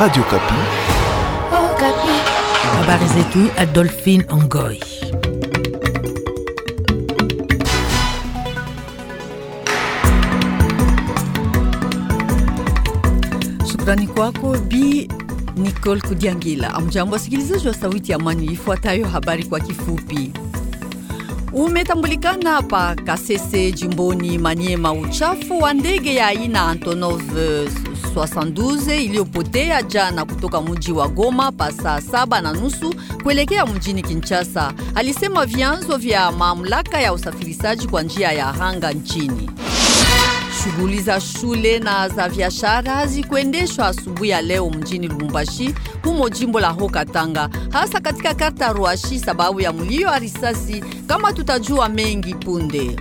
Radio Kapi. Oh, Kapi. Habari zetu Adolphine Ngoy. Shukrani kwako Bi Nicole Kudiangila. Amjambo wasikilizaji wa Sauti ya Amani, ifuatayo habari kwa kifupi. Umetambulikana pa Kasese jimboni Maniema, uchafu wa ndege ya aina Antonov 72 iliyopotea jana kutoka mji wa Goma pa saa saba na nusu kuelekea mjini Kinshasa, alisema vyanzo vya mamlaka ya usafirishaji kwa njia ya hanga nchini. Shughuli za shule na za biashara zikuendeshwa asubuhi ya leo mjini Lubumbashi, humo jimbo la Haut-Katanga, hasa katika kata Ruashi, sababu ya mlio wa risasi, kama tutajua mengi punde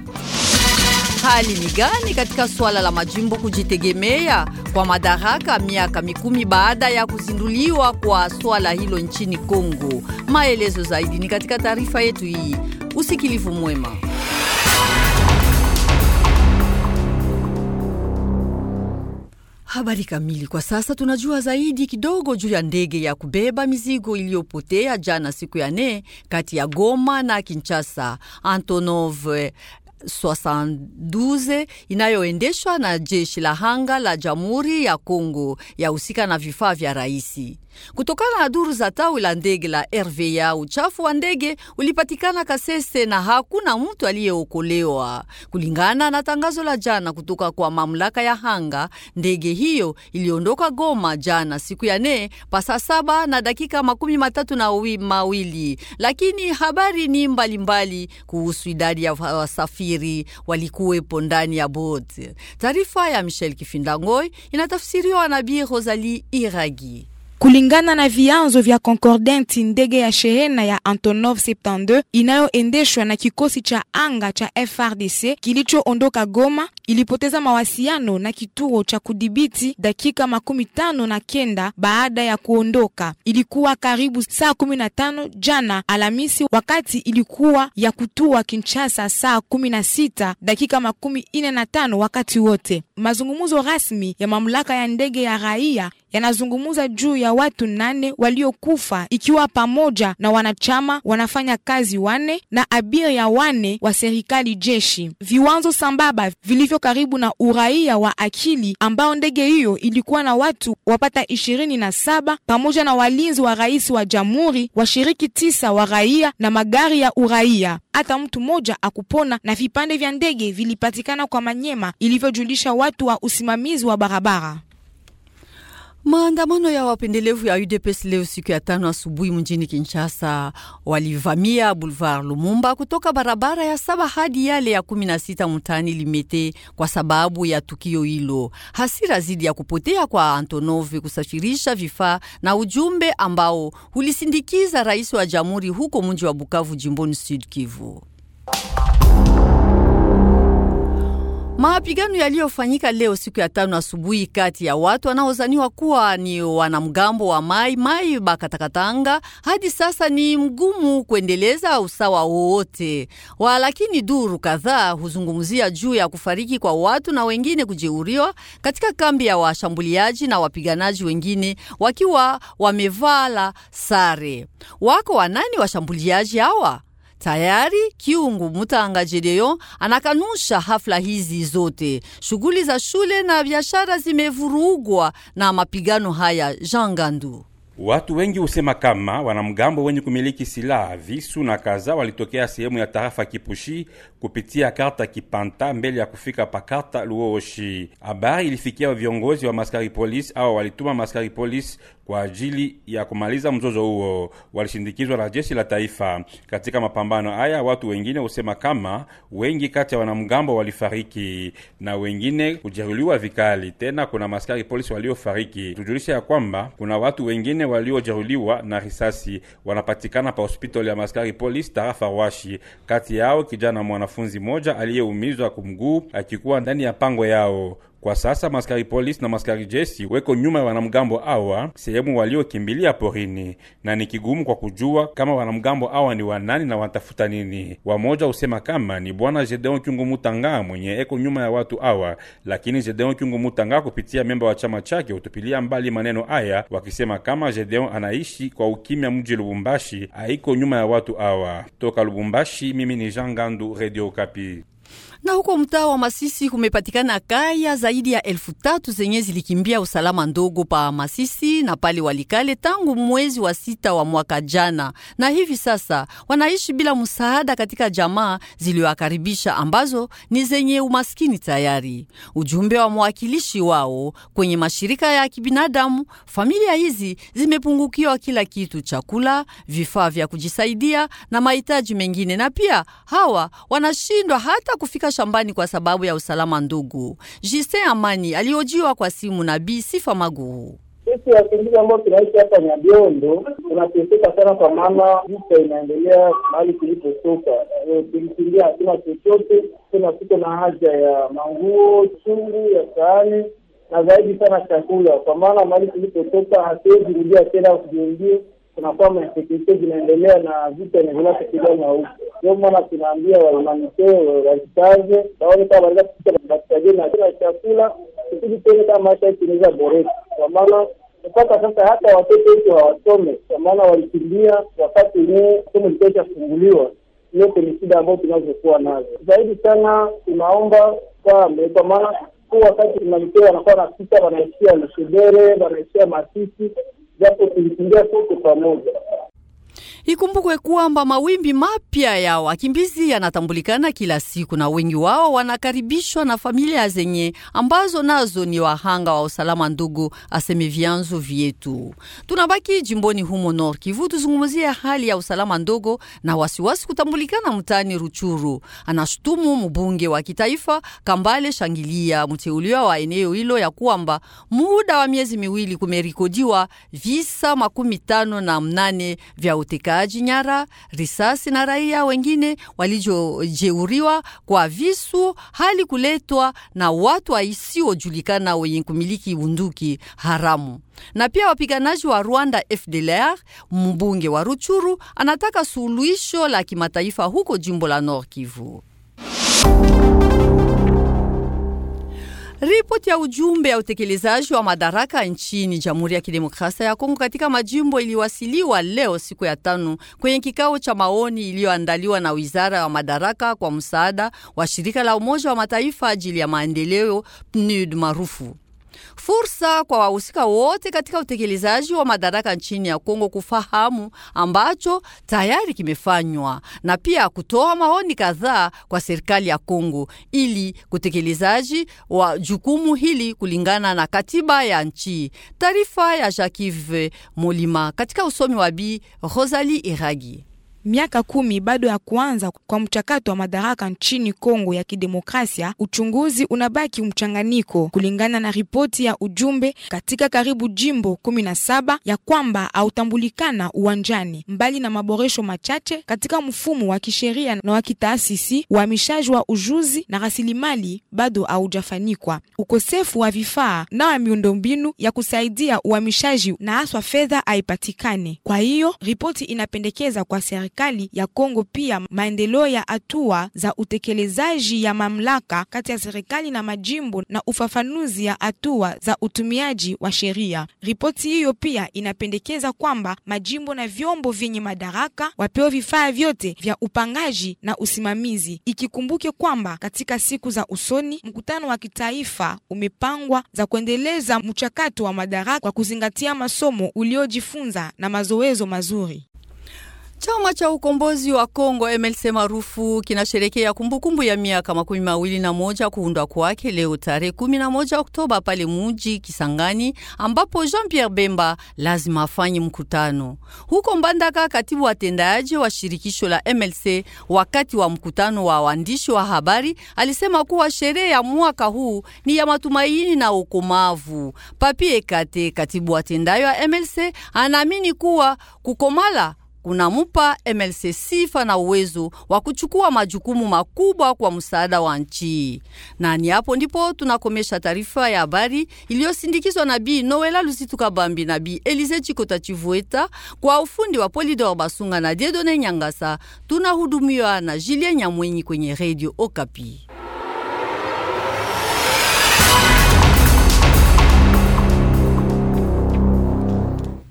hali ni gani katika suala la majimbo kujitegemea kwa madaraka miaka mikumi baada ya kuzinduliwa kwa suala hilo nchini Kongo? Maelezo zaidi ni katika taarifa yetu hii. Usikilivu mwema. Habari kamili kwa sasa. Tunajua zaidi kidogo juu ya ndege ya kubeba mizigo iliyopotea jana siku ya nne kati ya Goma na Kinshasa. Antonov 72 inayoendeshwa na jeshi la hanga la Jamhuri ya Kongo husika na vifaa vya raisi. Kutokana na duru za tawi la ndege la RVA, uchafu wa ndege ulipatikana Kasese na hakuna mtu aliyeokolewa, kulingana na tangazo la jana kutoka kwa mamlaka ya hanga. Ndege hiyo iliondoka Goma jana siku ya nne pa saa saba na dakika makumi matatu na mawili, lakini habari ni mbalimbali mbali kuhusu idadi ya wasafiri walikuwepo ndani ya boti. Taarifa ya Michel Kifindangoi inatafsiriwa na Bi Rosalie Iragi. Kulingana na vianzo vya Concordant, ndege ya shehena ya Antonov 72 inayoendeshwa na kikosi cha anga cha FRDC kilichoondoka Goma ilipoteza mawasiano na kituo cha kudhibiti dakika makumi tano na kenda baada ya kuondoka. Ilikuwa karibu saa tano jana Alhamisi, wakati ilikuwa ya kutua Kinshasa saa sita dakika makumi ine na tano wakati wote. Mazungumzo rasmi ya mamlaka ya ndege ya raia yanazungumza juu ya watu nane waliokufa ikiwa pamoja na wanachama wanafanya kazi wane na abiria wane wa serikali jeshi. Viwanzo sambaba vilivyo karibu na uraia wa akili ambao ndege hiyo ilikuwa na watu wapata ishirini na saba pamoja na walinzi wa rais wa jamhuri washiriki tisa wa raia na magari ya uraia. Hata mtu mmoja akupona na vipande vya ndege vilipatikana kwa Manyema, ilivyojulisha watu wa usimamizi wa barabara. Maandamano ya wapendelevu ya UDPS leo siku ya tano asubuhi mjini Kinshasa walivamia Boulevard Lumumba kutoka barabara ya saba hadi yale ya kumi na sita mtaani Limete kwa sababu ya tukio hilo, hasira zidi ya kupotea kwa Antonov kusafirisha vifaa na ujumbe ambao ulisindikiza rais wa jamhuri huko mji wa Bukavu jimboni Sud Kivu. Mapigano yaliyofanyika leo siku ya tano asubuhi kati ya watu wanaozaniwa kuwa ni wanamgambo wa Mai Mai Bakatakatanga hadi sasa ni mgumu kuendeleza usawa wowote, walakini duru kadhaa huzungumzia juu ya kufariki kwa watu na wengine kujeuriwa katika kambi ya washambuliaji na wapiganaji wengine wakiwa wamevala sare. Wako wanani washambuliaji hawa? Tayari Kiungu mutanga leo anakanusha hafla hizi zote. Shughuli za shule na biashara zimevurugwa na mapigano haya. Jean Gandu Watu wengi husema kama wanamgambo wenye kumiliki silaha, visu na kaza walitokea sehemu ya tarafa Kipushi kupitia karta Kipanta mbele ya kufika pakarta Luoshi. Habari ilifikia viongozi wa maskari polisi au walituma maskari polisi kwa ajili ya kumaliza mzozo huo, walishindikizwa na jeshi la taifa. Katika mapambano haya, watu wengine husema kama wengi kati ya wanamgambo walifariki na wengine kujeruliwa vikali. Tena kuna maskari polisi waliofariki. Tujulisha ya kwamba kuna watu wengine waliojeruhiwa na risasi wanapatikana pa hospitali ya maskari polisi tarafa Washi, kati yao kijana mwanafunzi moja aliyeumizwa kumguu akikuwa ndani ya pango yao. Kwa sasa maskari polisi na maskari jeshi weko nyuma ya wanamgambo awa sehemu waliokimbilia porini, na ni kigumu kwa kujua kama wanamgambo awa ni wanani na watafuta nini. Wamoja usema kama ni bwana Gedeon Kyungu Mutanga mwenye eko nyuma ya watu awa, lakini Gedeon Kyungu Mutanga kupitia memba wa chama chake utupilia mbali maneno aya wakisema kama Gedeon anaishi kwa ukimya mji Lubumbashi, aiko nyuma ya watu awa. Toka Lubumbashi, mimi ni Jean Gandu, Radio Kapi. Na huko mtaa wa Masisi kumepatikana kaya zaidi ya elfu tatu zenye zilikimbia usalama ndogo pa Masisi na pale Walikale tangu mwezi wa sita wa mwaka jana, na hivi sasa wanaishi bila msaada katika jamaa ziliwakaribisha ambazo ni zenye umaskini tayari. Ujumbe wa mwakilishi wao kwenye mashirika ya kibinadamu, familia hizi zimepungukiwa kila kitu: chakula, vifaa vya kujisaidia na mahitaji mengine, na pia hawa wanashindwa hata kufika kutoka shambani kwa sababu ya usalama. Ndugu Justin Amani aliojiwa kwa simu na Bi Sifa maguu Sisi wakimbizi ambao tunaishi hapa Nyabiondo tunateseka sana, kwa maana vita inaendelea mahali tulipotoka. Eh, tulikimbia, hatuna chochote tena, tuko na haja ya manguo, chungu ya sahani na zaidi sana chakula, kwa maana mahali tulipotoka hatuwezi rudia tena kujiingia kuna kwamba insecurity zinaendelea na vita inaendelea kupigana huku. Ndio maana tunaambia wahumaniteo wajikaze, waone kama wanaweza kufikia matarajio na kila chakula, kusudi tuone kama maisha yetu inaweza boreka, kwa maana mpaka sasa hata watoto wetu hawasome, kwa maana walikimbia wakati wenyewe somo likuwa ishafunguliwa. Yote ni shida ambayo tunazokuwa nazo zaidi sana. Tunaomba kame, kwa maana huu wakati humaniteo wanakuwa napita, wanaishia Lushebere, wanaishia Masisi. já japo já foi pamoja Ikumbukwe kwamba mawimbi mapya ya wakimbizi yanatambulikana kila siku, na wengi wao wanakaribishwa na familia zenye ambazo nazo ni wahanga wa usalama ndugu, aseme vyanzo vyetu. Tunabaki jimboni humo Nord Kivu, tuzungumzie hali ya usalama ndogo na wasiwasi kutambulikana mtaani Ruchuru, anashutumu mbunge wa kitaifa Kambale Shangilia, mteuliwa wa eneo hilo, ya kwamba muda wa miezi miwili kumerikodiwa visa makumi tano na mnane vya utekaji utekaji nyara, risasi na raia wengine walijojeuriwa kwa visu, hali kuletwa na watu waisiojulikana wenye kumiliki bunduki haramu. Na pia wapiganaji wa Rwanda FDLR, mbunge wa Ruchuru anataka suluhisho la kimataifa huko jimbo la Nord Kivu. Ripoti ya ujumbe ya utekelezaji wa madaraka nchini Jamhuri ya Kidemokrasia ya Kongo katika majimbo iliwasiliwa leo siku ya tano kwenye kikao cha maoni iliyoandaliwa na Wizara ya Madaraka kwa msaada wa shirika la Umoja wa Mataifa ajili ya maendeleo PNUD maarufu fursa kwa wahusika wote katika utekelezaji wa madaraka nchini ya Kongo kufahamu ambacho tayari kimefanywa na pia kutoa maoni kadhaa kwa serikali ya Kongo ili kutekelezaji wa jukumu hili kulingana na katiba ya nchi. Taarifa ya Jacques Molima katika usomi wa Bi Rosalie Iragi miaka kumi bado ya kuanza kwa mchakato wa madaraka nchini Kongo ya Kidemokrasia, uchunguzi unabaki mchanganyiko, kulingana na ripoti ya ujumbe katika karibu jimbo kumi na saba ya kwamba hautambulikana uwanjani, mbali na maboresho machache katika mfumo wa kisheria na wa kitaasisi. Uhamishaji wa ujuzi na rasilimali bado haujafanikwa. Ukosefu wa vifaa na wa miundombinu ya kusaidia uhamishaji na haswa fedha haipatikane. Kwa hiyo ripoti inapendekeza kwa serikali serikali ya Kongo, pia maendeleo ya hatua za utekelezaji ya mamlaka kati ya serikali na majimbo na ufafanuzi ya hatua za utumiaji wa sheria. Ripoti hiyo pia inapendekeza kwamba majimbo na vyombo vyenye madaraka wapewe vifaa vyote vya upangaji na usimamizi. Ikikumbuke kwamba katika siku za usoni mkutano wa kitaifa umepangwa za kuendeleza mchakato wa madaraka kwa kuzingatia masomo uliojifunza na mazoezo mazuri. Chama cha ukombozi wa Kongo MLC maarufu kinasherekea kumbukumbu ya miaka makumi mawili na moja kuundwa kwake leo tarehe 11 Oktoba pale muji Kisangani, ambapo Jean Pierre Bemba lazima afanye mkutano huko Mbandaka. Katibu watendaji wa shirikisho la MLC wakati wa mkutano wa waandishi wa habari alisema kuwa sherehe ya mwaka huu ni ya matumaini na ukomavu. Papie Kate, katibu watendaji wa MLC, anaamini kuwa kukomala unamupa MLC sifa na uwezo wa kuchukua majukumu makubwa kwa msaada wa nchi. Na ni hapo ndipo tunakomesha taarifa ya habari iliyosindikizwa na Bi Noela Lusituka Bambi na Bi Elize Chikota Chivueta kwa ufundi wa Polidor Basunga na Diedone Nyangasa. Tunahudumiwa na Julien Nyamwenyi kwenye Radio Okapi.